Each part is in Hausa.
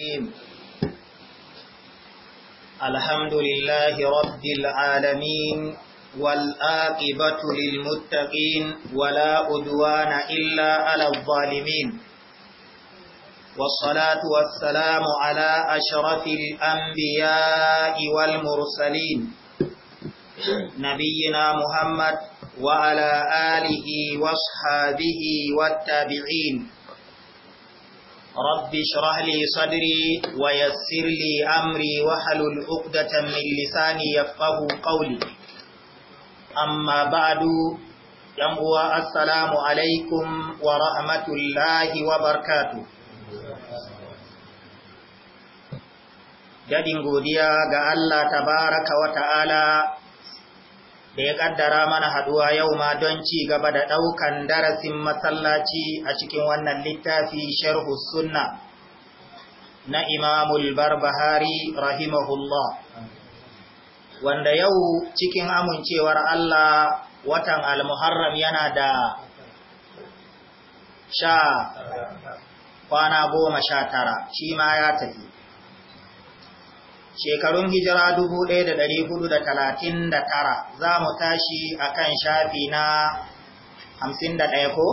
الرحيم الحمد لله رب العالمين والآقبة للمتقين ولا أدوان إلا على الظالمين والصلاة والسلام على أشرف الأنبياء والمرسلين نبينا محمد وعلى آله وصحابه والتابعين رب اشرح لي صدري ويسر لي أمري وحلل عقدة من لساني يفقه قولي أما بعد يمهو السلام عليكم ورحمة الله وبركاته Dadin godiya ga Allah tabaraka wa ta'ala da ya kaddara mana haduwa yau ma don ci gaba da ɗaukan darasin masallaci a cikin wannan littafi sharhu sunna na imamul barbahari rahimahullah wanda yau cikin amincewar Allah watan al-muharram yana da sha kwana goma sha tara shi ma ya tafi shekarun hijira 1439 za mu tashi a kan shafi na 51 ko?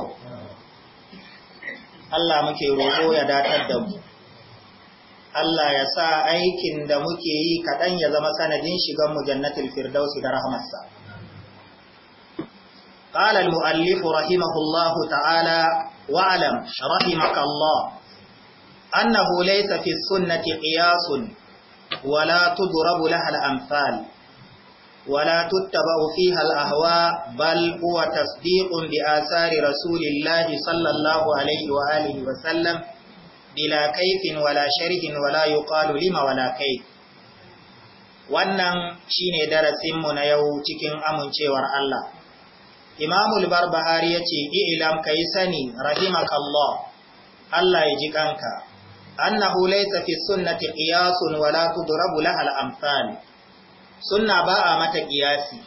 Allah muke roƙo ya datar da mu. Allah ya sa aikin da muke yi kaɗan ya zama sanadin shigan mu jannatul firdausi da rahmarsa. Qala al-mu'allif rahimahullahu ta'ala wa'alam rahimaka Allah annahu laysa fi sunnati qiyasun wala tudrabu laha al-amsal wala tuttabu fiha al-ahwa bal huwa tasdiqun bi asari rasulillahi sallallahu alaihi wa alihi wa kaifin wala sharhin wala yuqalu lima wala kayf wannan shine darasinmu na yau cikin amincewar Allah Imamul Barbahari ya ce, Ilam ka yi sani, rahimakallah, Allah ya ji annahu laysa fi sunnati qiyasun wa la tudrabu laha al-amsal sunna ba a mata qiyasi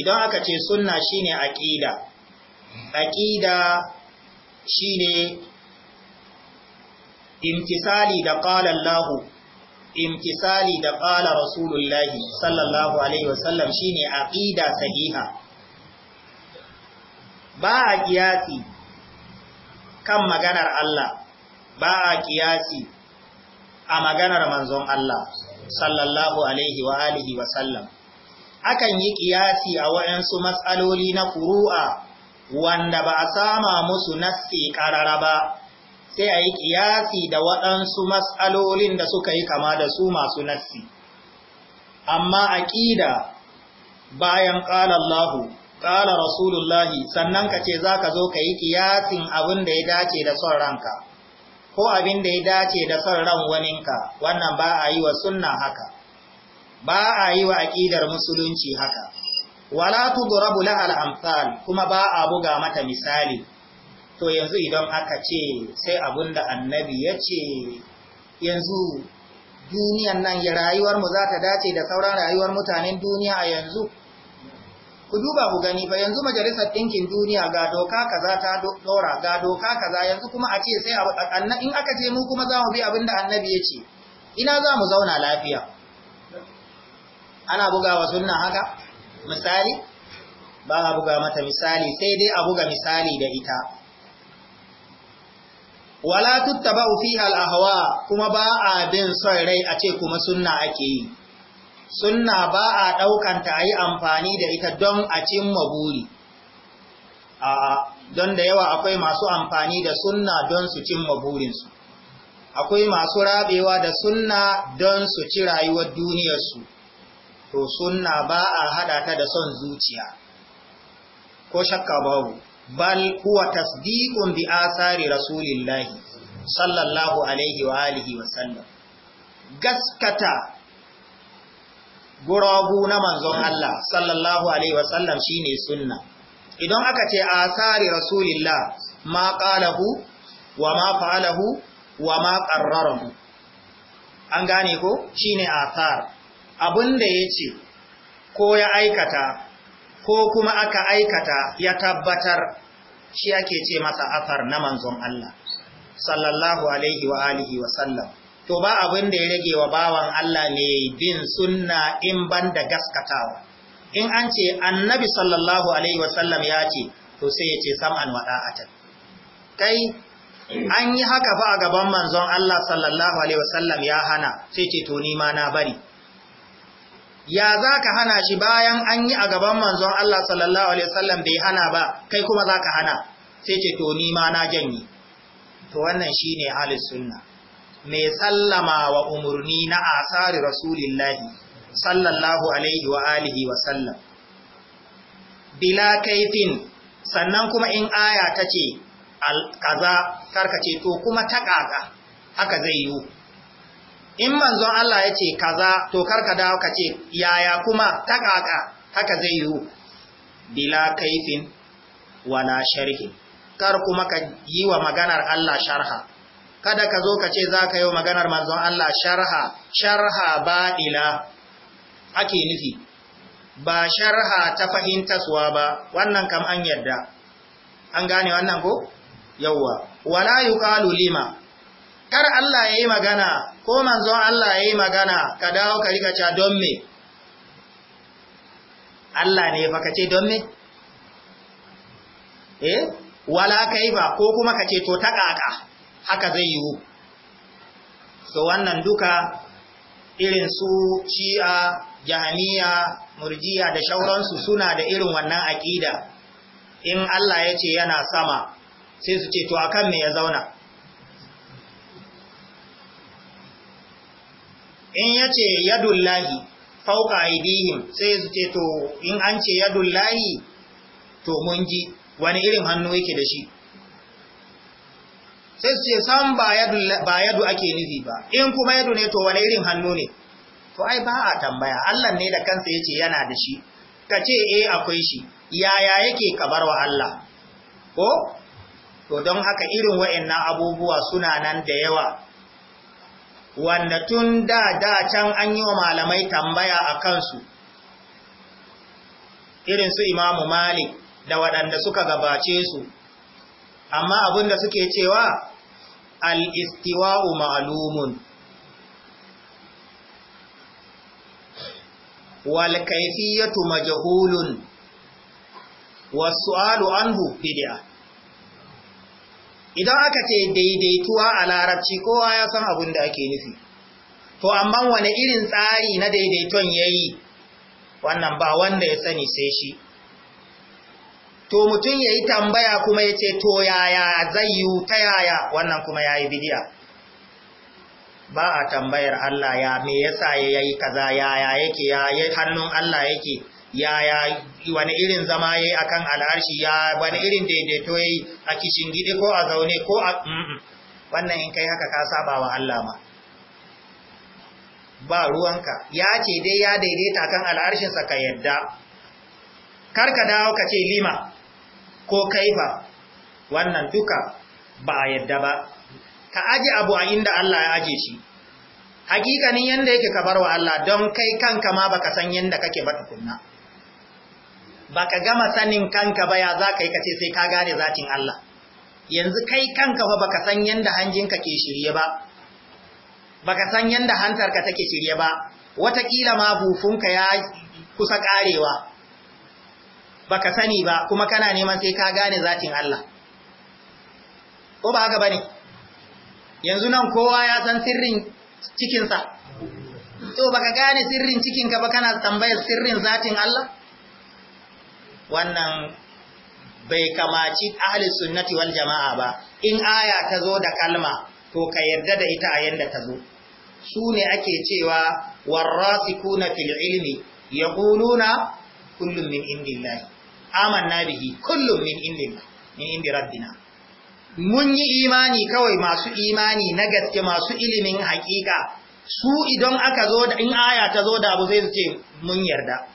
idan aka ce sunna shine aqida aqida shine imtisali da qala Allah sallallahu alaihi wasallam shine aƙida sahiha ba a kiyasi kan maganar Allah ba a kiyasi a maganar manzon Allah sallallahu alaihi wa alihi wa sallam akan yi kiyasi a waɗansu matsaloli na kuru'a wanda ba a sama musu nassi ƙarara ba sai a yi kiyasi da waɗansu matsalolin da suka yi kama da su masu nassi amma aƙida bayan qala Allah qala Rasulullahi sannan kace zaka zo ka yi kiyasin abin da ya dace da son ranka ko abin da ya dace da son ran waninka wannan ba a yi wa sunna haka ba a yi wa aƙidar musulunci haka wala tudrabu al amsal kuma ba a buga mata misali to yanzu idan aka ce sai abunda annabi ya ce yanzu duniyan nan ya rayuwar mu za ta dace da sauran rayuwar mutanen duniya a yanzu ku duba ku gani ba, yanzu majalisar ɗinkin duniya ga doka kaza ta dora ga doka kaza yanzu kuma a ce sai in aka ce mu kuma za mu bi abin da annabi ya ce ina za mu zauna lafiya ana buga wa sunna haka misali ba a buga mata misali sai dai a buga misali da ita wala tuttaba'u fiha al-ahwa kuma ba a bin son rai a ce kuma sunna ake yi sunna ba a ɗaukanta a yi amfani da ita don a cimma buri don da yawa akwai masu amfani da sunna don su cimma burinsu akwai masu rabewa da sunna don su ci rayuwar duniyarsu to sunna ba a haɗa ta da son zuciya ko shakka babu bal huwa tasdiqun bi asari rasulillahi sallallahu alaihi wa alihi wa sallam gaskata gurabu na manzon Allah sallallahu alaihi wasallam shine sunna idan aka ce asari rasulillah ma qalahu wa ma fa'alahu wa ma qarrarahu an gane ko shine asar abinda yace ko ya aikata ko kuma aka aikata ya tabbatar shi ake ce masa asar na manzon Allah sallallahu alaihi wa alihi wa sallam to ba abin da ya rage wa bawan Allah ne bin sunna in ban da gaskatawa in an ce annabi sallallahu alaihi wasallam ya ce to sai ya ce sam'an wada'atan kai an yi haka fa a gaban manzon Allah sallallahu alaihi wasallam ya hana sai ce to ni ma na bari ya za ka hana shi bayan an yi a gaban manzon Allah sallallahu alaihi wasallam bai hana ba kai kuma za ka hana sai ce to ni ma na janyi to wannan shine halin sunna mai sallama wa umarni na asari rasulillahi sallallahu alaihi wa alihi wa sallam bila kaifin sannan kuma in aya ta ce kaza karkace to kuma ta kaka haka zai yiwu in manzon Allah ya ce kaza to karka dawo ka ce yaya kuma ta kaka haka zai yiwu bila kaifin wala sharhi kar kuma ka yi wa maganar Allah sharha kada ka zo ka ce za ka yi maganar manzon Allah sharha sharha ba'ila ake nufi ba sharha ta fahimtaswa ba wannan kam an yarda an gane wannan ko yawwa wala yuqalu lima kar Allah yayi magana ko manzon Allah yayi magana ka dawo ka rika cha don me Allah ne fa ce don me eh wala ba ko kuma ka ce to ta kaka haka zai yiwu so wannan duka irin su ci'a jahaniya murjiya da shauransu suna da irin wannan aƙida in Allah ya ce yana sama sai su ce to akan me ya zauna in ya ce yadullahi fauka aidihim sai su ce to in an ce yadullahi to mun ji wani irin hannu yake da shi sai su ce sam ba yadu ake nufi ba in kuma yadu ne to wani irin hannu ne to ai ba a tambaya Allah ne da kansa yace yana da shi ka ce eh akwai shi yaya yake kabar wa Allah ko to don haka irin wa'annan abubuwa suna nan da yawa wanda tun da da can an yi wa malamai tambaya a kansu irin su imamu malik da waɗanda suka gabace su amma da suke cewa al-istiwa'u ma'lumun wal kayfiyatu majhulun was su'alu anhu bid'a idan aka ce daidaituwa a larabci kowa ya san abin da ake nufi to amma wane irin tsari na daidaiton yayi wannan ba wanda ya sani sai shi to mutum ya yi tambaya kuma ya ce to yaya zai yi ta yaya wannan kuma ya yi bidiya ba a tambayar Allah ya me yasa ya yi kaza yaya yake ya hannun Allah yake yaya wani irin zama ya yi a kan al'arshi ya wani irin daidaito ya yi a kishin gidi ko a zaune ko a wannan in kai haka ka saba wa Allah ma ba ruwanka ya ce dai ya daidaita kan al'arshinsa ka yadda karka dawo ka ce lima ko kaifa wannan duka ba a yadda ba ka aje abu a inda Allah ya aje shi hakikanin yanda yake ka barwa Allah don kai kanka ma baka san yanda kake ba tukunna baka gama sanin kanka ba ya za ka yi kace sai ka gane zatin Allah yanzu kai kanka fa baka san yanda hanjinka ke shirye ba baka san yanda hantarka take shirye ba Wataƙila ma hufunka ya kusa ƙarewa. baka sani ba kuma kana neman sai ka gane zatin Allah ko ba haka bane yanzu nan kowa ya san sirrin cikinsa to baka gane sirrin cikinka ba kana tambayar sirrin zatin Allah wannan bai kamaci ahli sunnati wal jama'a ba in aya ta zo da kalma to ka yarda da ita a yanda ta zo su ne ake cewa warasikuna fil ilmi yaquluna kullum min indillahi Aman na bihi kullum min indina min indi rabbina mun yi imani kawai masu imani na gaske masu ilimin haƙiƙa. su idan aka zo da in aya ta zo da abu zai ce mun yarda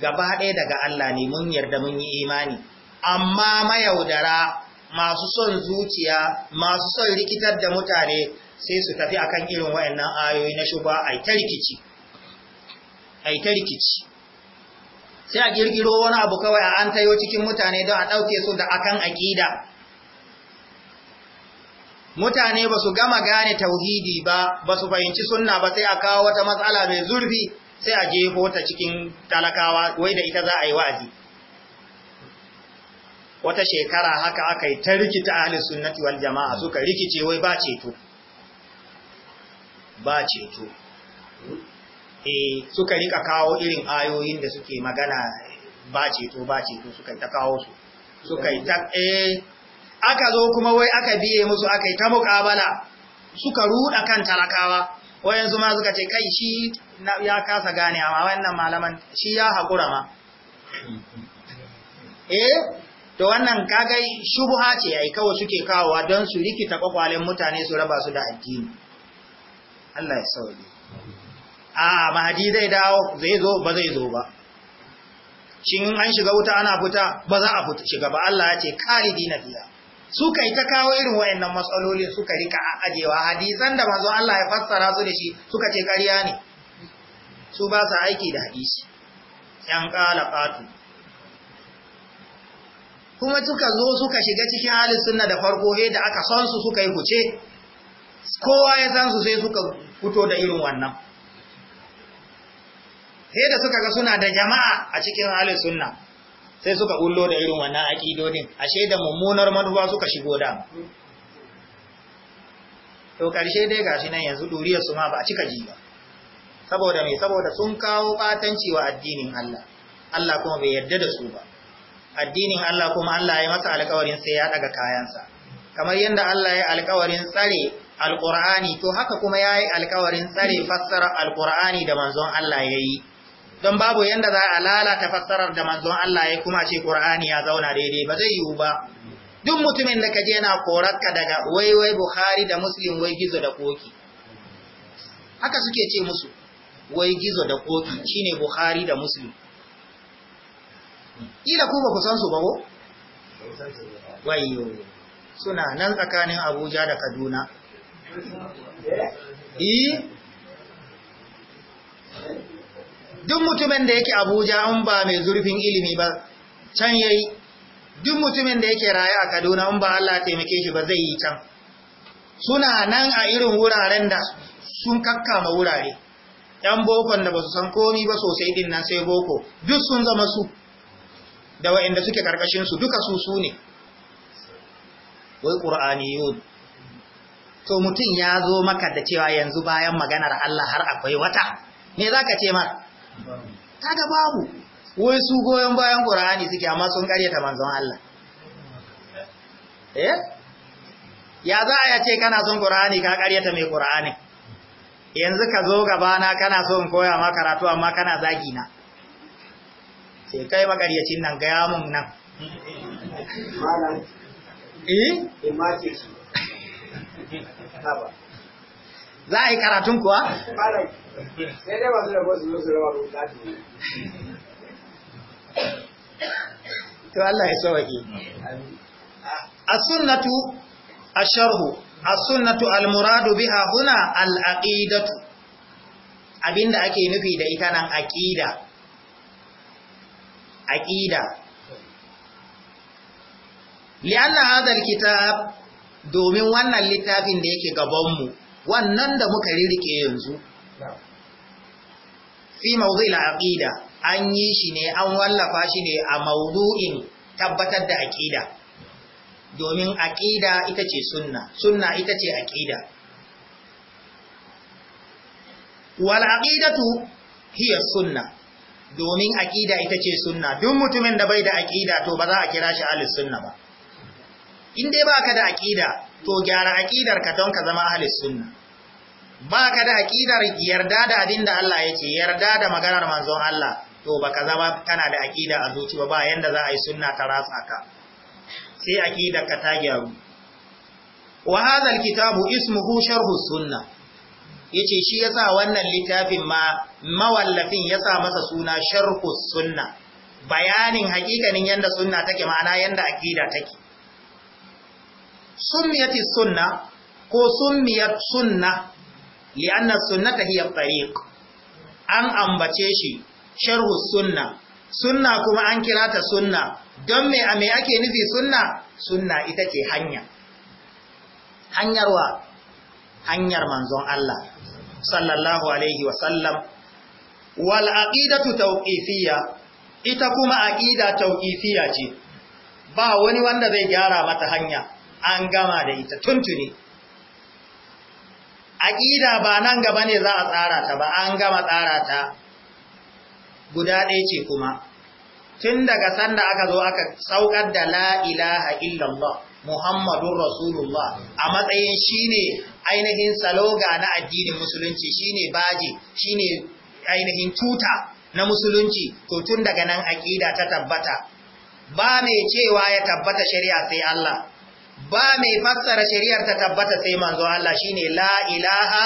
gaba ɗaya daga Allah ne mun yarda mun yi imani amma mayaudara masu son zuciya masu son rikitar da mutane sai su tafi akan irin wayannan ayoyi na shuba ai ta ai ta rikici sai a kirkiro wani abu kawai a an tayo cikin mutane don a ɗauke su da akan aƙida mutane ba su gama gane tauhidi ba ba su fahimci sunna ba sai a kawo wata matsala mai zurfi sai a jefo ta cikin talakawa wai da ita za a yi wa'azi wata shekara haka aka yi ta rikita ahalin sunnati wal jama'a suka rikice wai ba ceto ba ceto e, suka rika kawo irin ayoyin da suke magana ba ceto ba ceto suka ta kawo su suka yi ta eh aka zo kuma wai aka biye musu aka yi ta mukabala suka ruda kan talakawa wayansu ma suka ce kai shi ya kasa gane amma wannan malaman shi ya hakura ma eh to wannan kagai shubha ce ai kawai suke kawowa don su rikita kwakwalen mutane su raba su da addini Allah ya sauke a mahadi zai dawo zai zo ba zai zo ba shin an shiga wuta ana fita ba za a fita shiga ba Allah ya ce khalidi dina biya suka yi ta kawo irin wayannan matsaloli suka rika ajewa hadisan da manzo Allah ya fassara su da shi suka ce kariya ne su ba sa aiki da hadisi yan kala qatu kuma suka zo suka shiga cikin halin sunna da farko he da aka son su suka yi kuce kowa ya san su sai suka fito da irin wannan sai da suka ga suna da jama'a a cikin halin sunna sai suka bullo da irin wannan aƙidodin ashe da mummunar manufa suka shigo da to ƙarshe dai gashi nan yanzu duriyar su ma ba a cika ji ba saboda me saboda sun kawo batanci wa addinin Allah Allah kuma bai yarda da su ba addinin Allah kuma Allah ya masa alƙawarin sai ya daga kayansa kamar yadda Allah ya alƙawarin tsare alƙur'ani to haka kuma ya yi alƙawarin tsare fassara alƙur'ani da manzon Allah ya yi don babu yanda za a lalata fassarar da manzon Allah ya kuma ce Qur'ani ya zauna daidai ba zai yiwu ba duk mutumin da kaje yana korarka daga wai wai Bukhari da Muslim wai gizo da koki haka suke ce musu wai gizo da koki shine Bukhari da Muslim kila ku ba ku san su ba ko wayo suna nan tsakanin Abuja da Kaduna eh duk mutumin da yake abuja an ba mai zurfin ilimi ba can ya yi duk mutumin da yake raye a kaduna an ba allah taimake shi ba zai yi can suna nan a irin wuraren da sun kakkama wurare ‘yan bokon da ba su san komi ba sosai din nan sai boko duk sun zama su da wa'inda suke su duka su su ne wai ƙur'ani yau to mutum ya zo maka da cewa yanzu bayan maganar Allah har akwai wata me za ka ce mara? kaga babu wai su goyon bayan qur'ani suke amma sun karyata manzon Allah eh ya za a yace kana son qur'ani ka karyata mai qur'ani yanzu ka zo gaba na kana so in koya ma karatu amma kana zagi na sai kai makaryacin nan ga mun nan malam eh eh za a yi karatun kuwa? sai Allah ya sauwaƙi. as-sunnatu a sharhu as-sunnatu al-muradu biha huna al-aqidatu abinda ake nufi da ita nan aqida aqida li'anna hadha al-kitab domin wannan littafin da yake gabanmu wannan da muka ririke yanzu fi mawdu'il aqida an yi shi ne an wallafa shi ne a mawdu'in tabbatar da aqida domin aqida ita ce sunna sunna ita ce aqida wal aqidatu hiya sunna domin aqida ita ce sunna duk mutumin da bai da aqida to ba za a kira shi ahlus sunna ba in dai baka da aqida to gyara aƙidar ka don ka zama ahli sunna ba ka da aƙidar yarda da abin da Allah ya ce yarda da maganar manzon Allah to ba ka zama kana da aƙida a zuci ba ba yanda za a yi sunna ta rasa ka sai aƙidar ka ta gyaru wa hadha alkitabu ismuhu sharhu sunna yace shi yasa wannan littafin ma mawallafin yasa masa suna sharhu sunna bayanin hakikanin yanda sunna take ma'ana yanda aƙida take summiyati sunna ko summiyat sunna li'anna sunnata hiya tariq an ambace shi sharhu sunna sunna kuma an kira ta sunna don me a ake nufi sunna sunna ita ce hanya hanyarwa hanyar manzon Allah sallallahu alaihi wa sallam wal aqidatu tawqifiyya ita kuma aƙida tawqifiyya ce ba wani wanda zai gyara mata hanya an gama da ita tuntuni aƙida ba nan gaba ne za a tsara ta ba an gama tsara ta guda ɗaya ce kuma tun daga sanda aka zo aka saukar da la ilaha illallah muhammadun rasulullah a matsayin shine ainihin saloga na addinin musulunci shine baji shine ainihin tuta na musulunci to tun daga nan aƙida ta tabbata ba mai cewa ya tabbata shari'a sai Allah ba mai fassara shari'ar ta tabbata sai manzo Allah shine la ilaha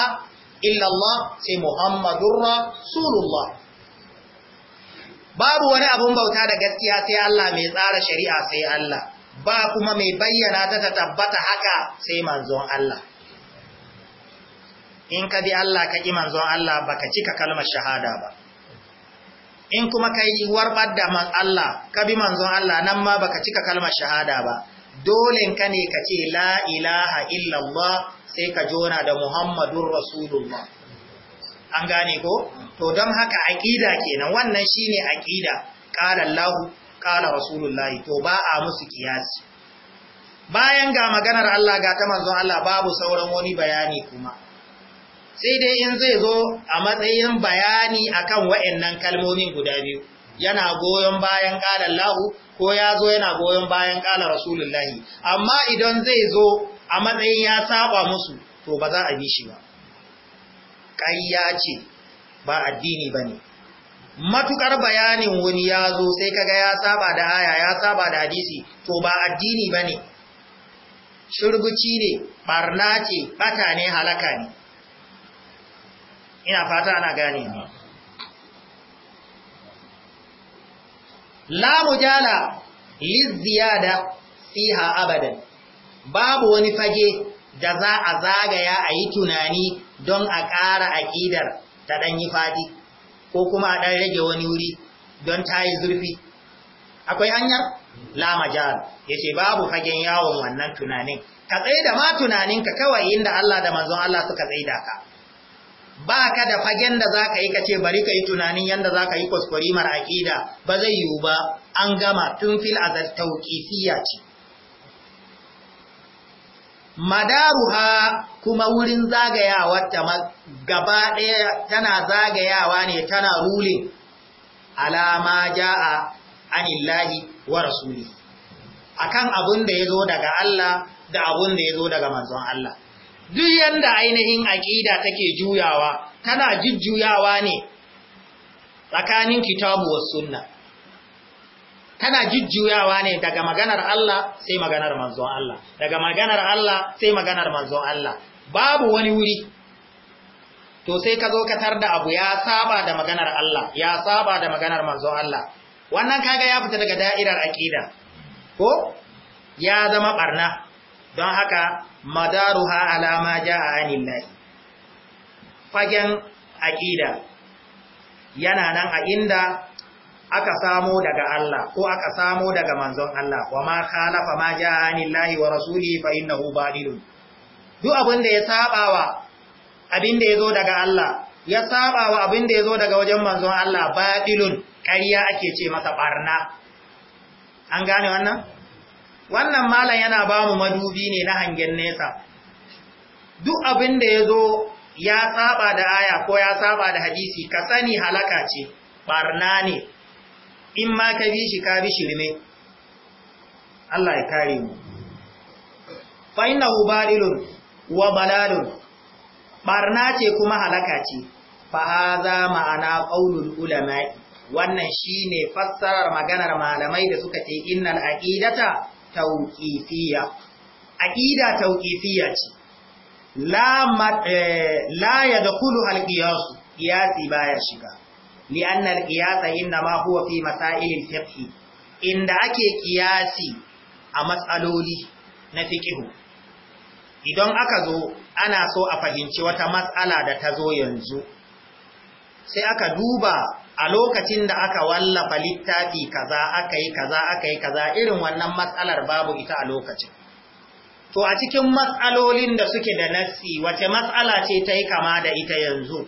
illallah sai muhammadur rasulullah babu wani abun bauta da gaskiya sai Allah mai tsara shari'a sai Allah ba kuma mai bayyana ta ta tabbata haka sai manzon Allah in ka bi Allah ka ki manzon Allah baka cika kalmar shahada ba in kuma kai warbar da Allah ka bi manzon Allah nan ma baka cika kalmar shahada ba dole ka ne ka ce la ilaha illallah sai ka jona da muhammadun rasulullah an gane ko to don haka aqida kenan wannan shine aƙida qala allah qala rasulullah to ba a musu kiyasi bayan ga maganar Allah ga ta manzon Allah babu sauran wani bayani kuma sai dai in zai zo a matsayin bayani akan waɗannan kalmomin guda biyu yana goyon bayan qala allah ko ya zo yana goyon bayan ƙala rasulullahi amma idan zai zo a matsayin ya saba musu to ba za a bi shi ba ƙayya ce ba addini ba ne matukar bayanin wani ya zo sai kaga ya saba da aya ya saba da hadisi to ba addini ba ne ne barna ce bata ne halaka ne ina fata ana gane la mujala liziyada fiha abadan babu wani fage da za a zagaya a yi tunani don a ƙara aƙidar ta ɗan yi fadi ko kuma a ɗan rage wani wuri don ta yi zurfi akwai hanyar lamajal ya ce babu fagen yawon wannan tunanin ka tsaye da ma tunaninka kawai inda Allah da manzon Allah suka tsaye da ka ba ka da fagen da za ka yi kace bari ka yi tunanin yadda za ka yi kwaskwarimar aƙida ba zai yiwu ba an gama tun fil azar tauƙifiya ce madaruha kuma wurin zagayawa ta gaba ɗaya tana zagayawa ne tana rulin alama ja'a anillahi wa rasuli akan abun da ya zo daga Allah da abun da ya zo daga manzon Allah duk yadda ainihin aƙida take juyawa tana jujjuyawa ne tsakanin kitabu wa sunna tana jujjuyawa ne daga maganar Allah sai maganar manzon Allah daga maganar Allah sai maganar manzon Allah babu wani wuri to sai ka zo ka tarda abu ya saba da maganar Allah ya saba da maganar manzon Allah wannan kaga ya fita daga da'irar aƙida ko ya zama ɓarna? don haka ha alama ja'a anillahi fagen aqida yana nan a inda aka samo daga Allah ko aka samo daga manzon Allah wa ma khalafa ma ja'a anillahi wa rasuli fa innahu badilun duk abin da ya sabawa abin da yazo daga Allah ya sabawa abin da yazo daga wajen manzon Allah badilun ƙarya ake ce masa barna an gane wannan wannan malam yana ba mu madubi ne na hangen nesa duk abin da ya zo ya saba da aya ko ya saba da hadisi ka sani halaka ce barna ne in ma ka bi shi ka bi shirme Allah ya kare mu fa innahu balilun wa balalun barna ce kuma halaka ce fa haza ma'ana qaulul ulama'i wannan shine fassarar maganar malamai da suka ce innal aqidata tauƙifiya aƙida tauƙifiya ce la eh, ya da kulu alƙiyarsu ƙiyasi baya shiga li'annar ƙiyasa inna ma huwa fi masailin fiqhi inda ake ƙiyasi a matsaloli na fiƙihu idan aka zo ana so a fahimci wata matsala da ta zo yanzu sai aka duba a lokacin da aka wallafa littafi kaza aka yi kaza aka yi kaza irin wannan matsalar babu ita a lokacin to a cikin matsalolin da suke da nassi wace matsala ce ta yi kama da ita yanzu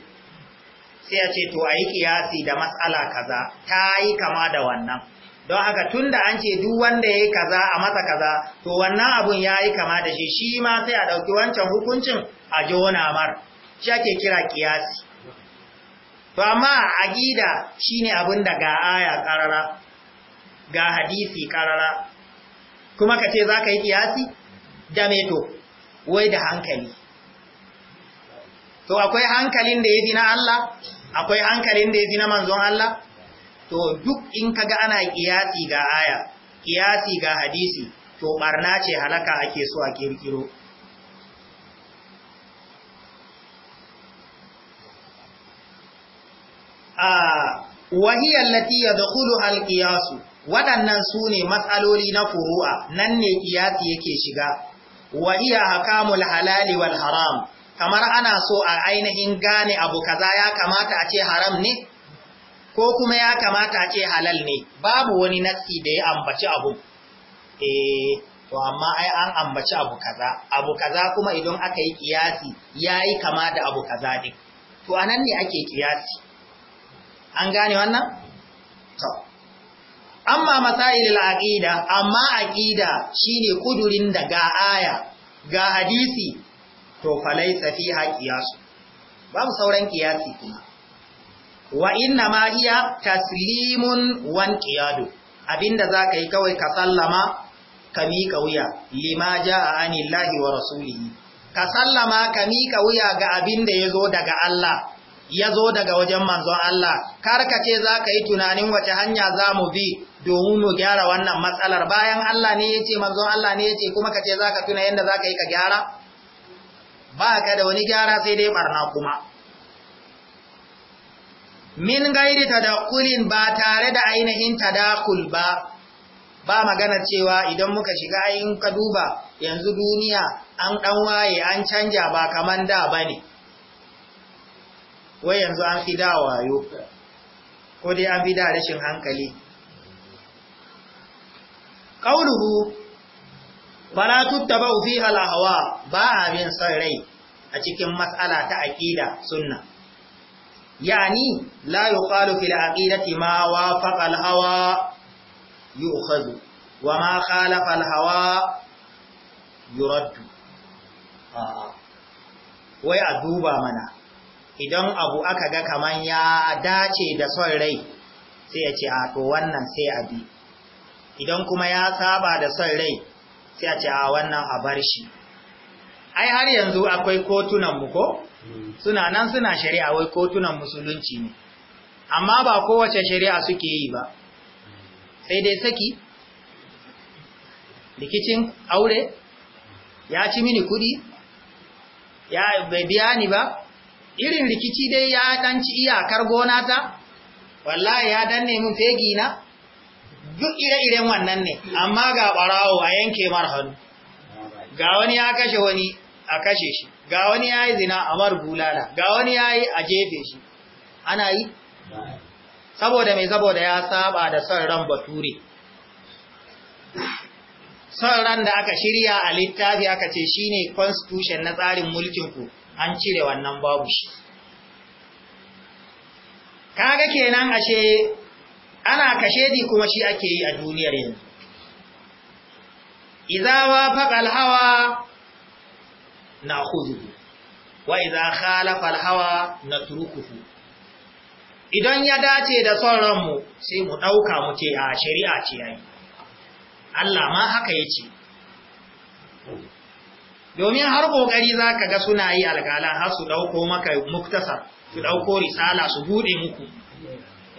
sai a ce to a yi kiyasi da matsala kaza ta yi kama da wannan don haka tun da an ce duk wanda ya yi kaza a masa kaza to wannan abun ya yi kama da shi shi ma sai a ɗauki wancan hukuncin a mar, shi ake kira kiyasi to amma aqida shine abin da ga aya karara ga hadisi karara kuma ka ce zaka yi kiyasi da me to wai da hankali to akwai hankalin da yafi na Allah akwai hankalin da yafi na manzon Allah to duk in kaga ana kiyasi ga aya kiyasi ga hadisi to barna ce halaka ake so a kirkiro wahiyar latiya da huluhal ƙiyasu waɗannan su ne matsaloli na furu'a nan ne ƙiyasi yake shiga Wahiya hakamul halali wal haram kamar ana so a ainihin gane abu kaza ya kamata a ce haram ne ko kuma ya kamata a ce halal ne babu wani nassi da ya ambaci abu eh to amma ai an ambaci abu kaza abu kaza kuma idan aka yi kiyasi yayi kama da abu kaza din to anan ne ake kiyasi an gane wannan to amma masailul aqida amma aqida shine kudurin da ga aya ga hadisi to falai fiha qiyas babu sauran kiyasi kuma wa inna ma hiya taslimun wan qiyadu abinda ka yi kawai ka sallama ka miƙa wuya lima jaa anillahi wa rasulihi ka sallama ka miƙa wuya ga abinda zo daga Allah ya zo daga wajen manzon Allah karkace za ka yi tunanin wace hanya za mu bi domin mu gyara wannan matsalar bayan Allah ne ya ce manzon Allah ne ya ce kuma ka ce za ka tuna yadda za ka yi ka gyara ba ka da wani gyara sai dai barna kuma min gairi tadakulin ba tare da ainihin tadakul ba ba maganar cewa idan muka shiga ayin ka duba yanzu duniya an dan waye an canja ba kaman da bane wai yanzu an fi da wayo ko dai an fi da rashin hankali ƙauluhu bala ba a halahawa ba abin son rai a cikin matsala ta aƙida sunna yani la yuqalu fil aqidati ma wa al hawa yu'khadhu wa ma khalafa al hawa yuraddu wai a duba mana idan abu aka ga kaman ya dace da son rai sai ya ce a to wannan sai a bi idan kuma ya saba da son rai sai a ce a wannan a bar shi ai har yanzu akwai kotunanmu ko suna nan suna shari'a wai kotunan musulunci ne amma ba kowace shari'a suke yi ba sai dai saki rikicin aure ya ci mini kudi ya bai biya ni ba irin rikici dai ya danci iyakar gona ta wallahi ya danne mun fegi na duk ire-iren wannan ne amma ga barawo a yanke mar hannu ga wani ya kashe wani a kashe shi ga wani ya yi zina a mar bulala ga wani ya yi a jefe shi ana yi saboda mai saboda ya saba da son ran bature son ran da aka shirya a littafi aka ce shine constitution na tsarin mulkinku an cire wannan babu shi kaga kenan ashe ana kashe di kuma shi ake yi a duniyar yanzu idza wa faqal hawa na'khudhuhu wa idza khalafa al-hawa natrukuhu idan ya dace da son ranmu sai mu dauka mu ce a shari'a ce yayi Allah ma haka yace domin har kokari za ka ga suna yi alkala har su ɗauko maka muktasar su ɗauko risala su buɗe muku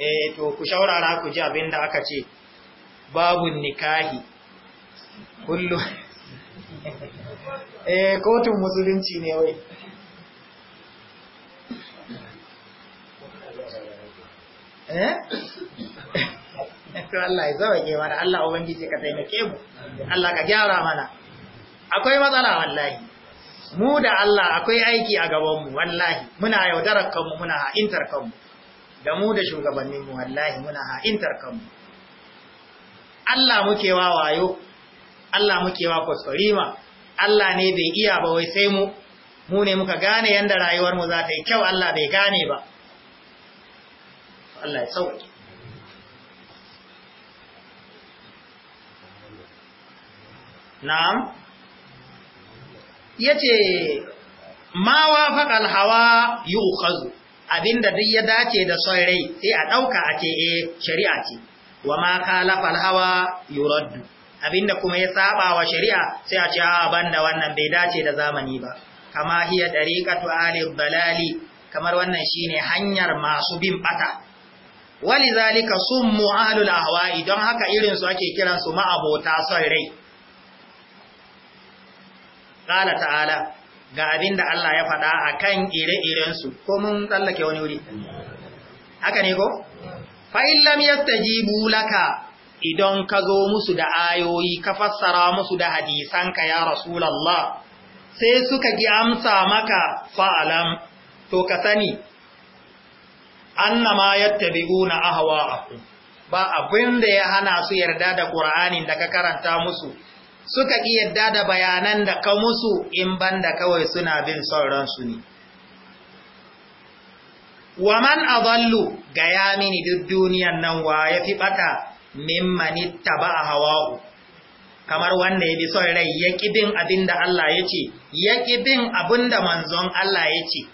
eh to ku shaurara ku ji abin da aka ce babun nikahi kullum eh kotun musulunci ne wai eh to Allah ya ke mana Allah ubangiji ka taimake mu Allah ka gyara mana akwai matsala wallahi mu da Allah akwai aiki a gabanmu wallahi muna yaudarar kanmu muna ha'intar kanmu da mu da shugabanninmu wallahi muna ha'intar kanmu Allah muke wa wayo Allah muke wa kwaskwarima Allah ne bai iya ba wai sai mu mu ne muka gane yanda rayuwarmu za ta yi kyau Allah bai gane ba Allah ya sauke na'am yace ma wafaqa hawa yu'khazu abinda duk ya dace da son rai sai a ɗauka a ce eh shari'a ce wa ma khalafa hawa yuraddu abinda kuma ya saba wa shari'a sai a ce a ah, banda wannan bai dace da zamani ba kama hiya dariqatu ali dalali kamar wannan shine hanyar masu bin bata walizalika sun ahlul hawa idan haka irin su ake kiransu ma'abota son rai ƙala ta'ala ga abin da Allah ya faɗa a kan ire-irensu ko mun tsallake wani wuri haka ne ko? fa'illam yadda ji bulaka idan ka zo musu da ayoyi ka fassara musu da hadisanka ya rasulallah sai suka ki amsa maka fa'alam to ka sani annama yadda biguna ahawa ba abin da ya hana su yarda da ƙura'anin da ka karanta musu suka ƙi yadda da bayanan da ka musu in banda kawai suna bin son ransu ne. Waman azallu ga yamini duk duniyar nan wa ya fi ɓata mimmani taba a hawa'u, kamar wanda ya bi son rai ya ƙi bin abin da Allah ya ce, ya ƙi bin abin manzon Allah ya ce,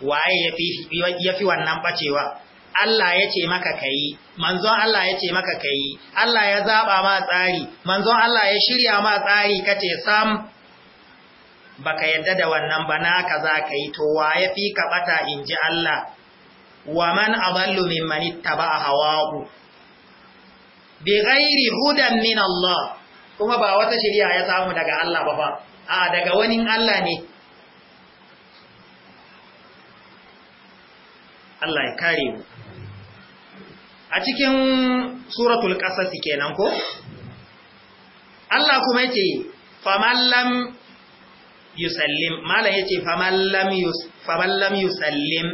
waye ya fi wannan ɓacewa. Allah ya ce maka kayi manzon Allah ya ce maka kayi Allah ya zaba ma tsari manzon Allah ya shirya ma tsari kace sam baka yadda da wannan ba kaza za ka yi to wa ya fi ka bata inji Allah wa man adallu mimman ittaba'a hawahu bi ghairi hudan min Allah kuma ba wata shirya ya samu daga Allah ba ba a daga wani Allah ne Allah ya kare mu a cikin suratul qasas kenan ko Allah kuma yace famallam yusallim malam yace famallam yus famallam yusallim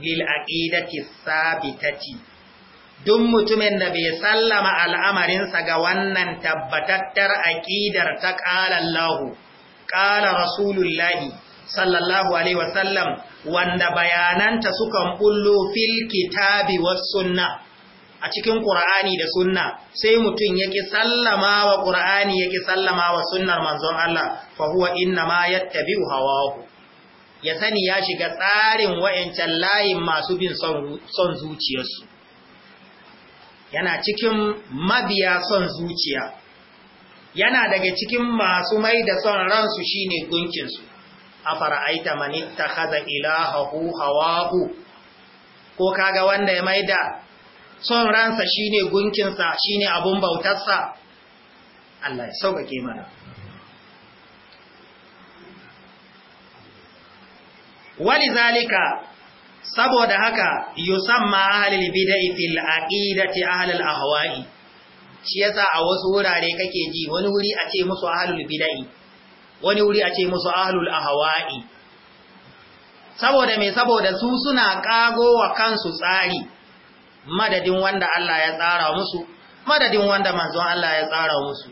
lil aqidati sabitati duk mutumin da bai sallama al'amarinsa ga wannan tabbatattar aqidar ta qala Allah qala rasulullah sallallahu alaihi wasallam wanda bayananta sukan kullu fil kitabi was sunna a cikin Qur'ani da sunna sai mutum yaki sallama wa Qur'ani yaki sallama wa sunnar manzon Allah fa huwa inna ma yattabi'u hawahu ya sani ya shiga tsarin wayancan layin masu bin son zuciyarsu yana cikin mabiya son zuciya yana daga cikin masu mai da son ransu shine gunkin su afara'aita man ittakhadha ilahahu hawahu ko kaga wanda ya maida son ransa shine gunkinsa shine abun bautarsa Allah ya sauƙaƙe mana wali zalika saboda haka ma ahlul bidai fil aqidati ahlul ahwa'i shi yasa a wasu wurare kake ji wani wuri a ce musu ahlul bidai wani wuri a ce musu ahlul ahwa'i saboda me saboda su suna kago wa kansu tsari madadin wanda Allah ya tsara musu madadin wanda manzon Allah ya tsara musu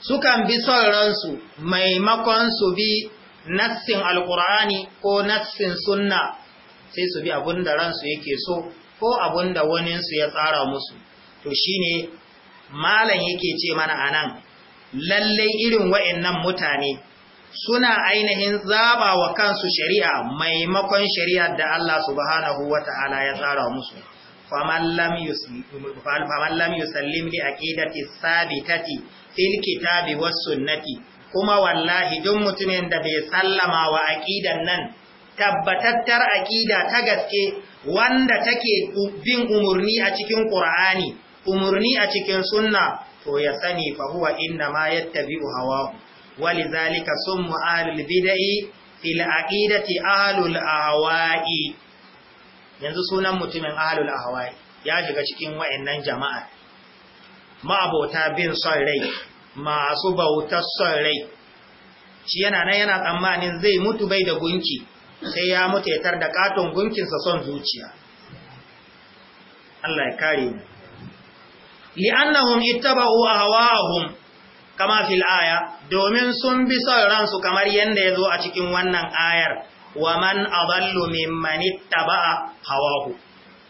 sukan bi son ransu maimakon su bi nassin alkur'ani ko nassin sunna sai su bi abin da ransu yake so ko abin da waninsu ya tsara musu to shine malam yake ce mana anan lallai irin wa'annan mutane suna ainihin zaba wa kansu shari'a maimakon shari'ar da Allah subhanahu wata'ala ya tsara musu faman lam yusallim li aqidati sabitati fil kitabi was sunnati kuma wallahi duk mutumin da bai sallama wa aqidan nan tabbatattar aqida ta gaske wanda take bin umurni a cikin qur'ani umurni a cikin sunna to ya sani fa huwa inna ma yattabi'u hawahu walidhalika summu ahlul bid'i fil aqidati ahlul awa'i yanzu sunan mutumin ahlul ahwai ya shiga cikin wa'annan jama'a ma'abota bin son rai masu bautar son rai shi yana nan yana tsammanin zai mutu bai da gunki sai ya mutu ya tar da katon gunkinsa son zuciya Allah ya kare mu li'annahum ittaba'u ahwa'ahum kama fil aya domin sun bi son ransu kamar yanda yazo a cikin wannan ayar wa man adallu mimman hawahu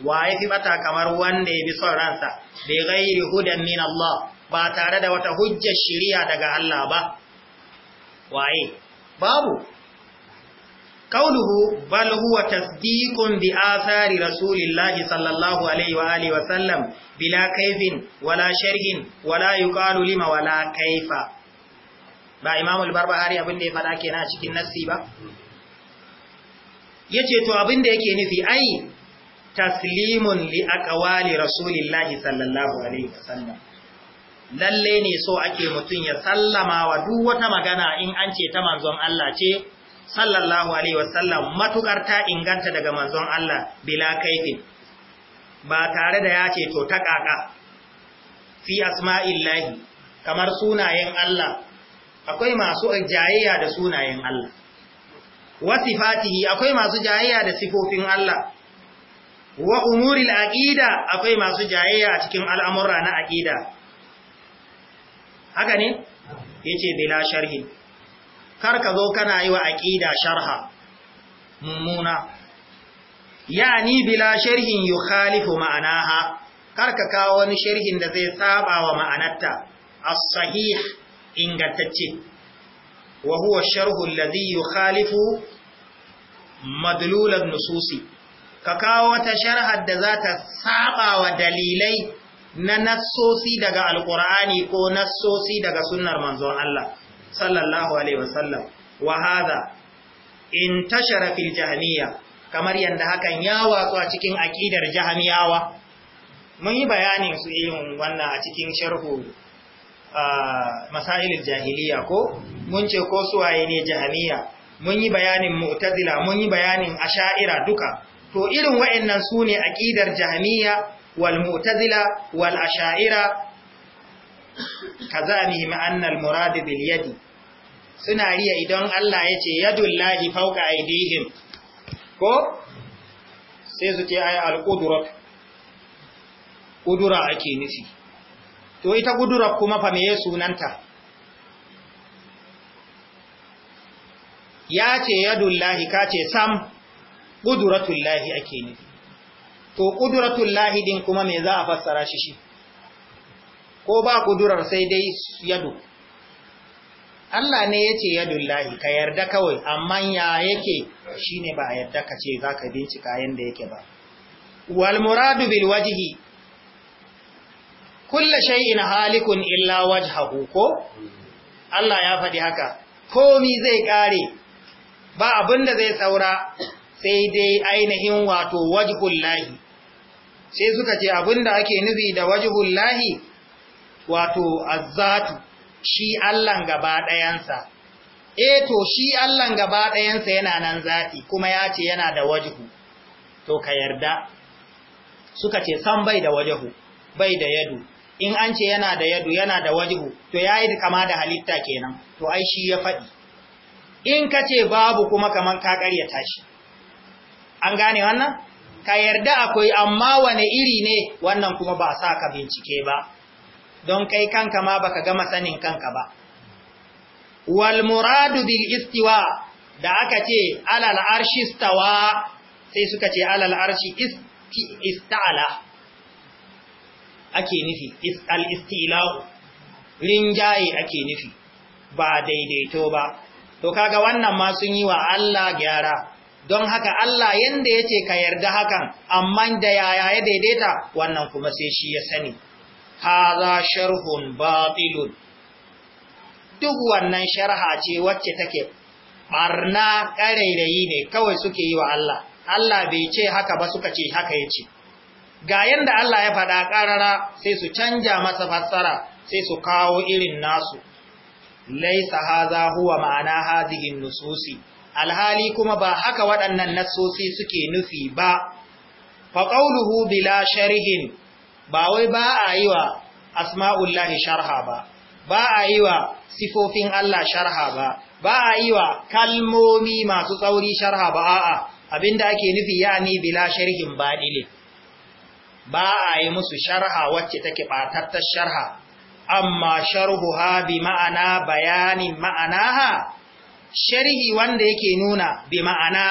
wa yafi bata kamar wanda ya bi son ransa bi ghairi hudan min Allah ba tare da wata hujjar shari'a daga Allah ba waye babu kauluhu bal huwa tasdiqun bi athari rasulillahi sallallahu alaihi wa alihi wa sallam bila kaifin wala sharhin wala yuqalu lima wala kaifa ba imamul barbahari abin da ya fada kenan a cikin nassi ba yace to abin da yake nufi ai taslimun li aqwali rasulillahi sallallahu alaihi wasallam lalle ne so ake mutun ya sallama wa duk wata magana in an ce ta manzon Allah ce sallallahu alaihi wasallam matukar ta inganta daga manzon Allah bila kaifin ba tare da ya ce to ta kaka fi asma'illahi kamar sunayen Allah akwai masu jayayya da sunayen Allah wa sifatihi akwai masu jayayya da sifofin Allah wa umuril aqida akwai masu jayayya cikin al'amura na aqida haka ne yace bila sharhi kar ka zo kana yi wa aqida sharha mummuna yani bila sharhin yukhalifu ma'anaha kar ka kawo wani sharhin da zai saba wa ma'anarta as-sahih ingantacce Wahuwa huwa sharhu alladhi yukhalifu madlulan nususi ka kawo wata sharhar da za ta saɓa wa dalilai na nassosi daga Alƙur'ani ko nassosi daga sunnar manzon Allah sallallahu alaihi wasallam wa hadha intashara kamar yadda hakan ya watsu a cikin aƙidar jahmiyawa mun yi bayanin su yin wannan a cikin sharhu masailin jahiliya ko mun ce ko suwaye ne jahamiya mun yi bayanin mu'tazila mun yi bayanin asha'ira duka to irin wa'annan su ne aqidar jahamiya wal mu'tazila wal asha'ira kazamihim anna al murad bil yadi suna riya idan Allah ya ce yadullahi fawqa aydihim ko sai su ce ay al qudrat qudura ake nufi to ita gudura kuma fa meye sunanta ya ce yadullahi ka ce sam Kuduratullahi ake nufi to kuduratullahi din kuma me za a fassara shi shi ko ba ƙudurar sai dai yadu Allah ne ya ce yadullahi ka yarda kawai amma ya yake shi ne ba a yarda ka ce za ka bincika yadda yake ba Walmuradu muradu bil wajihi kulla shay'in halikun illa wajhahu ko Allah ya faɗi haka komi zai kare ba abinda zai saura sai dai ainihin wato wajhul lahi sai suka ce abinda ake nufi da wajhul lahi wato azzatu shi Allah gaba ɗayansa eh to shi Allah gaba ɗayansa yana nan zati kuma ya ce yana da wajhu to ka yarda suka ce san bai da wajhu bai da yadu in an ce yana da yadu yana da wajibu to ya yi kama da halitta kenan to ai shi ya faɗi in ka ce babu kuma kamar ka ƙaryata shi an gane wannan ka yarda akwai amma wane iri ne wannan kuma ba sa ka bincike ba don kai kanka ma baka gama sanin kanka ba wal muradu bil istiwa da aka ce alal arshi istawa sai suka ce alal arshi Isti'ala. ake nufi al-istila'u rinjaye ake nufi ba daidaito ba to kaga wannan ma sun yi wa Allah gyara don haka Allah yanda ce ka yarda hakan amma da yaya ya daidaita wannan kuma sai shi ya sani hadha sharhun batilun duk wannan sharha ce wacce take barna ƙarairayi ne kawai suke yi wa Allah Allah bai ce haka ba suka ce haka yace ga yanda Allah ya faɗa ƙarara sai su canja masa fassara sai su kawo irin nasu laisa haza huwa ma'ana hadhihi nususi alhali kuma ba haka waɗannan nasosi suke nufi ba fa qawluhu bila sharhin ba wai ba a yi wa asma'ullahi sharha ba ba a yi wa sifofin Allah sharha ba ba a yi wa kalmomi masu tsauri sharha ba a'a abinda ake nufi ya yani bila sharhin badili ba a yi musu sharha wacce take batattar sharha amma sharhu ha bi ma'ana bayanin ma'anaha sharhi wanda yake nuna bi ma'ana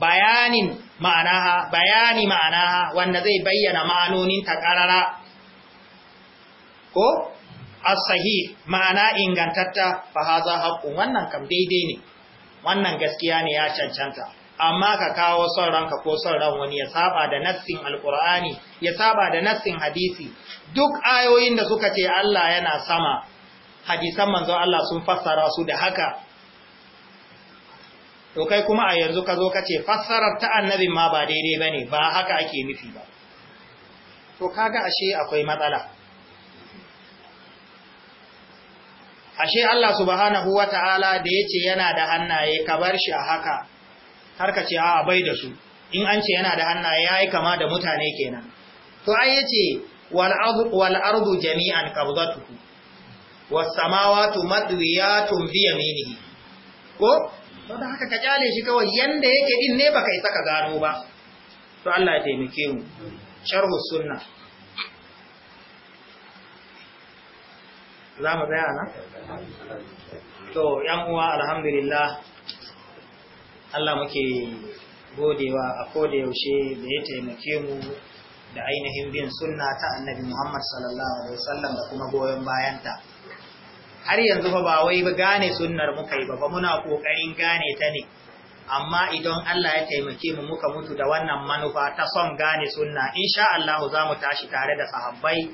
bayanin ma'anaha bayani ma'anaha wanda zai bayyana ma'anonin ta ko asahi ma'ana ingantatta fa haza haqqun wannan kam daidai ne wannan gaskiya ne ya cancanta amma ka kawo son ranka ko son ran wani ya saba da nassin alkur'ani ya saba da nassin hadisi duk ayoyin da suka ce Allah yana sama hadisan manzo Allah sun fassara su da haka to kai kuma a yanzu ka zo ka ce fassarar ta annabin ma ba daidai ba ne ba haka ake nufi ba to kaga ashe akwai matsala ashe Allah subhanahu wata'ala da ya ce yana da hannaye ka bar shi a haka har ka ce a bai da su in an ce yana da hannaye yi kama da mutane kenan to ai yace wal ardu wal ardu jami'an qabdatuhu was samawati madwiyatun bi yaminihi ko to da haka ka kyale shi kawai yanda yake din ne baka isa ka gano ba to Allah ya taimake mu sharhu sunna za mu tsaya na to yan uwa alhamdulillah Allah muke godewa a koda yaushe da ya taimake mu da ainihin bin sunna ta annabi Muhammad sallallahu alaihi wasallam da kuma goyon bayanta har yanzu fa ba wai ba gane sunnar muka yi ba fa muna kokarin gane ta ne amma idan Allah ya taimake mu muka mutu da wannan manufa ta son gane sunna insha Allah za mu tashi tare da sahabbai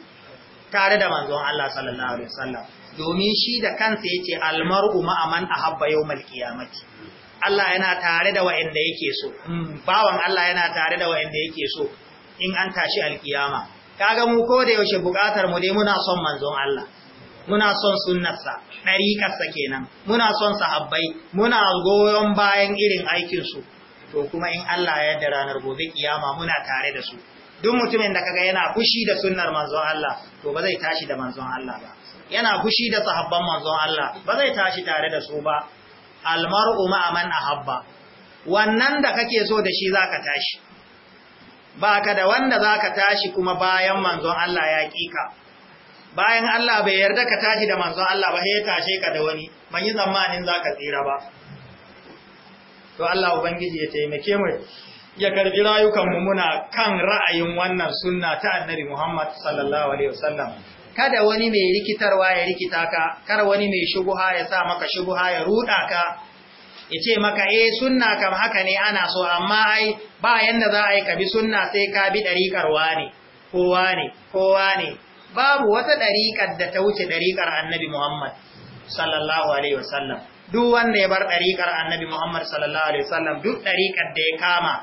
tare da manzon Allah sallallahu alaihi wasallam domin shi da kansa yace almar'u a man ahabba yawmal qiyamati Allah yana tare da wa'anda yake so bawan Allah yana tare da wa'anda yake so in an tashi alkiyama kaga mu ko da yaushe bukatar mu dai muna son manzon Allah muna son sunnarsa ɗariƙarsa kenan muna son sahabbai muna goyon bayan irin aikinsu to kuma in Allah ya yarda ranar gobe kiyama muna tare da su duk mutumin da kaga yana fushi da sunnar manzon Allah to ba zai tashi da manzon Allah ba yana fushi da sahabban manzon Allah ba zai tashi tare da su ba almar'u ma man ahabba wannan da kake so da shi zaka tashi baka da wanda zaka tashi kuma bayan manzon Allah ya kika bayan Allah bai yarda ka tashi da manzon Allah ba sai tashe ka da wani ban yi zamanin zaka tsira ba to Allah ubangiji ya taimake mu ya karbi rayukan mu muna kan ra'ayin wannan sunna ta annabi Muhammad sallallahu alaihi wasallam kada wani mai rikitarwa ya rikita ka kar wani mai shubuha ya sa maka shubuha ya ruda ka ya ce maka eh sunna kam haka ne ana so amma ai ba yadda za a yi ka bi sunna sai ka bi dariƙar wane kowa ne kowa ne babu wata ɗariƙar da ta wuce ɗariƙar annabi Muhammad sallallahu alaihi wasallam duk wanda ya bar ɗariƙar annabi Muhammad sallallahu alaihi wasallam duk ɗariƙar da ya kama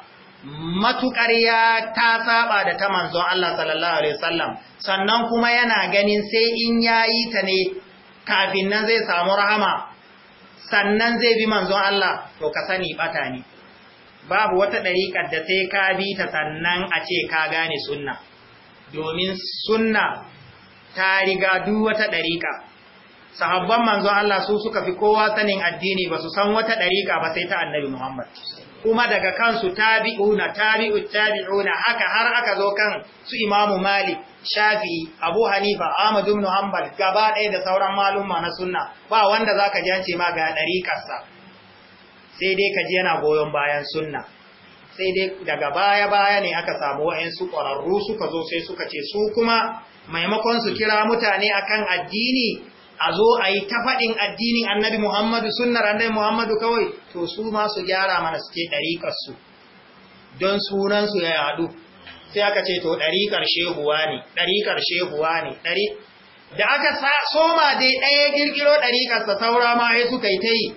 matukar ya ta saba da ta manzon Allah sallallahu alaihi wasallam sannan kuma yana ganin sai in yayi ta ne kafin nan zai samu rahama sannan zai bi manzon Allah to ka sani bata ne babu wata dariƙar da sai ka bi ta sannan a ce ka gane sunna domin sunna ta riga duk wata dariƙa sahabban manzon Allah su suka fi kowa sanin addini ba su san wata dariƙa ba sai ta annabi Muhammad kuma daga kansu tabi'una tabi'u tabi'una haka har aka zo kan su imamu malik shafi abu hanifa ahmad ibn hanbal gaba ɗaya da sauran malumma na sunna ba wanda zaka ji an ce ma ga ɗariƙarsa sai dai ka ji yana goyon bayan sunna sai dai daga baya baya ne aka samu wa'ansu ƙwararru suka zo sai suka ce su kuma maimakon su kira mutane akan addini a zo a yi ta faɗin addinin annabi Muhammadu sunnar annabi Muhammadu kawai to su ma su gyara mana su ce ɗariƙarsu don sunansu ya yadu sai aka ce to ɗariƙar shehuwa ne ɗariƙar shehuwa ne ɗari da aka soma dai ɗaya ƙirƙiro ɗariƙarsa saura ma ya suka yi ta yi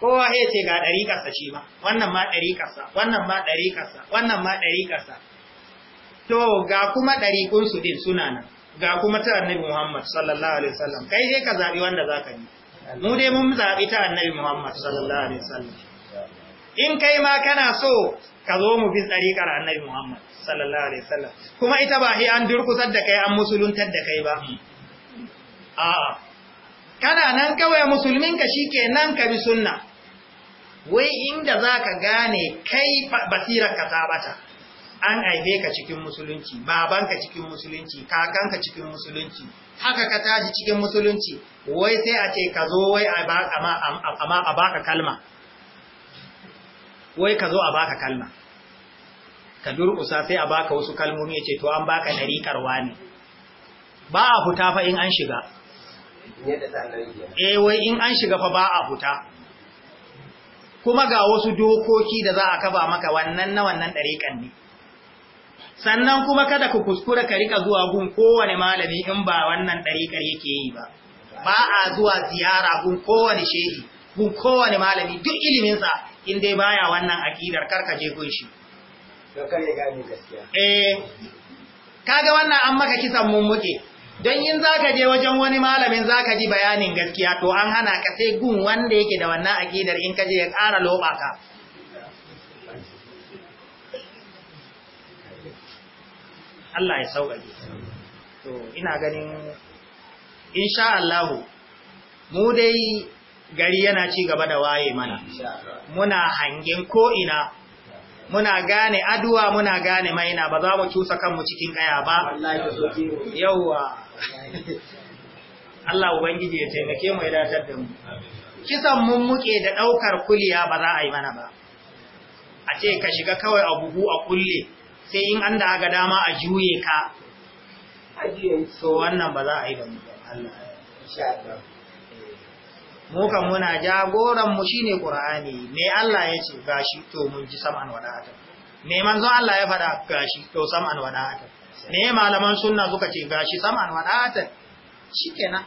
kowa ya ce ga ɗariƙarsa shi ma wannan ma ɗariƙarsa wannan ma ɗariƙarsa wannan ma ɗariƙarsa to ga kuma ɗariƙunsu ɗin suna nan ga kuma ta annabi Muhammad sallallahu alaihi wasallam kai sai ka zabi wanda zaka yi mu dai mun zabi ta annabi Muhammad sallallahu alaihi wasallam in kai ma kana so ka zo mu bi tsariƙar annabi Muhammad sallallahu alaihi wasallam kuma ita ba hi an durkusar da kai an musuluntar da kai ba a'a kana nan kawai musulmin ka nan ka bi sunna wai inda zaka gane kai basirar ka tabata an aibe ka cikin musulunci babanka cikin musulunci kakanka cikin musulunci haka ka tashi cikin musulunci wai sai a ce ka zo wai a baka kalma wai ka zo a baka kalma ka durƙusa sai a baka wasu kalmomi ya ce to an baka ƙarwa ne ba a fita fa in an shiga eh wai in an shiga fa ba a fita kuma ga wasu dokoki da za a kaba maka wannan na wannan ɗariƙan ne sannan kuma kada ku kuskura ka rika zuwa gun kowane malami in ba wannan ɗariƙar yake yi ba ba a zuwa ziyara gun kowane shehi gun kowane malami duk iliminsa in dai baya wannan aƙidar karka je gun shi kaga eh, wannan an maka kisan mummuke don in ka je wajen wani malamin za ka ji bayanin gaskiya to an hana ka sai gun wanda yake da wannan aƙidar in ka je ya ƙara loɓa ka Allah ya sauƙaƙe to ina ganin Allah mu dai gari yana ci gaba da waye mana muna hangen ko'ina, muna gane aduwa muna gane maina ba za mu cusa kanmu cikin ƙaya ba yauwa Allah ubangiji ya taimake mu ya datar da mu kisan mun muke da ɗaukar kuliya ba za a yi mana ba a ce ka shiga kawai a buhu a kulle sai in an da ga dama a juye ka to wannan ba za a yi da Allah mu kan muna jagoran mu shine qur'ani me Allah ya ce gashi to mun ji sam'an wada'ata me manzon Allah ya fada gashi to sam'an wada'ata me malaman sunna suka ce gashi sam'an wada'ata shikenan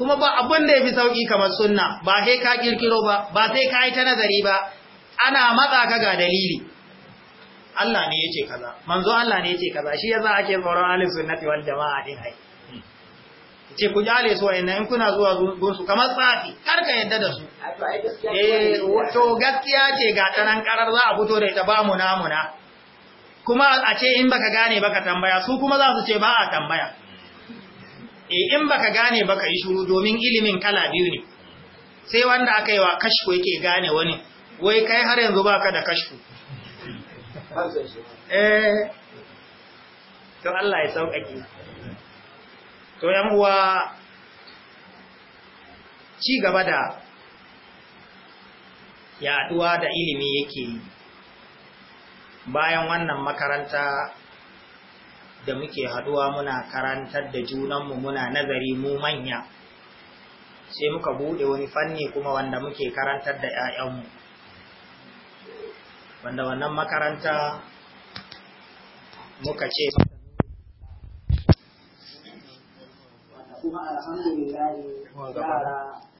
kuma ba abin da ya fi sauƙi kamar sunna ba sai ka ƙirƙiro ba ba sai ka yi ta nazari ba ana matsa ka ga dalili Allah ne yake kaza manzo Allah ne yake kaza shi yasa ake tsoron ahlus sunnati wal jamaa din ai ce ku jale su wayanna in kuna zuwa su kamar tsafi kar ka yadda da su eh to gaskiya ce ga tanan karar za a fito da ita ba mu namuna kuma a ce in baka gane baka tambaya su kuma za su ce ba a tambaya eh in baka gane baka yi shuru domin ilimin kala biyu ne sai wanda aka yi wa kashku yake gane wani wai kai har yanzu baka da kashku eh to Allah ya sauƙaƙe to yan uwa ci gaba da yaduwa da ilimi yake yi bayan wannan makaranta da muke haduwa muna karantar da junanmu muna nazari mu manya sai muka bude wani fanni kuma wanda muke karantar da 'ya'yanmu wanda wannan makaranta muka ce